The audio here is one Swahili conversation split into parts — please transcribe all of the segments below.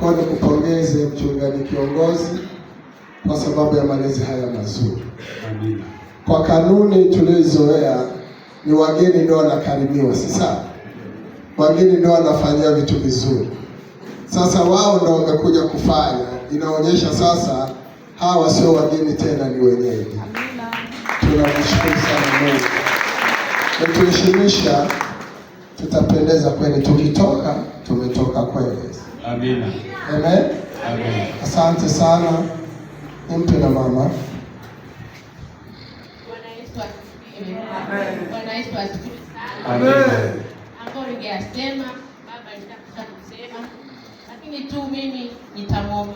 Kwa ni kupongeze mchungaji kiongozi kwa sababu ya malezi haya mazuri. Amina. Kwa kanuni tulizoea ni wageni ndio wanakarimiwa, si sawa? Wageni ndio wanafanyia vitu vizuri. Sasa wao ndio wamekuja kufanya, inaonyesha sasa hawa sio wageni tena, ni wenyeji. Tunamshukuru sana Mungu, mtuheshimisha, tutapendeza kweli. Tukitoka tumetoka kweli. Amina. Amen. Amen. Asante sana, nimpe na mama. Bwana Yesu asifiwe sana. Ambao ningeyasema baba nitakwisha kusema, lakini tu mimi nitamwomba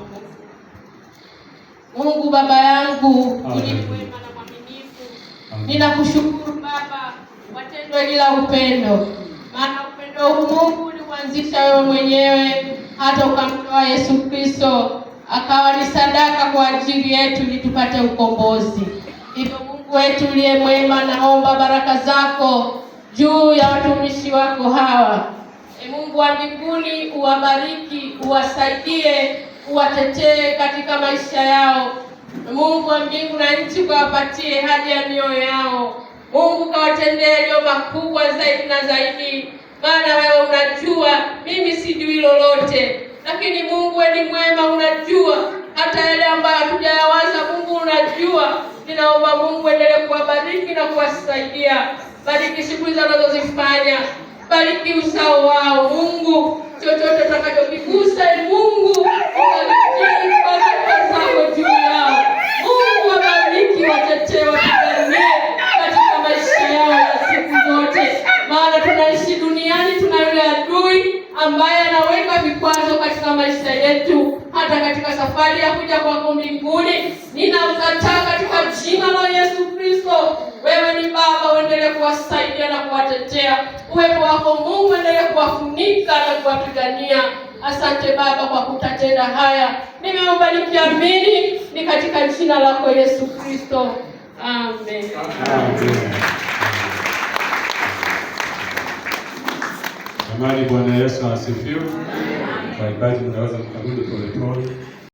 Mungu baba yangu uliwema na mwaminifu, ninakushukuru Baba watendwe bila upendo, maana upendo huu Mungu uliuanzisha wewe mwenyewe hata ukamtoa Yesu Kristo akawa ni sadaka kwa ajili yetu ili tupate ukombozi. Hivyo Mungu wetu uliye mwema, naomba baraka zako juu ya watumishi wako hawa. E Mungu wa mbinguni, uwabariki, uwasaidie, uwatetee katika maisha yao. E Mungu wa mbingu na nchi, kawapatie haja ya mioyo yao. Mungu kawatendee yaliyo makubwa zaidi na zaidi maana wewe unajua mimi sijui lolote, lakini Mungu ni mwema, unajua hata yale ambayo hatujayawaza. Mungu unajua. Ninaomba Mungu endelee kuwabariki na kuwasaidia, bariki shughuli wanazozifanya, bariki usao wao Mungu, chochote utakachokiku hata katika safari ya kuja kwako mbinguni. Ninamkataa katika jina la Yesu Kristo. Wewe ni Baba, uendelee kuwasaidia na kuwatetea. Uwepo wako Mungu endelee kuwafunika na kuwapigania. Asante Baba kwa kutatenda haya. Nimeomba nikiamini ni katika jina lako Yesu Kristo. Amen. Jamani, Bwana Yesu asifiwe waimbaji mnaweza mkarudi polepole.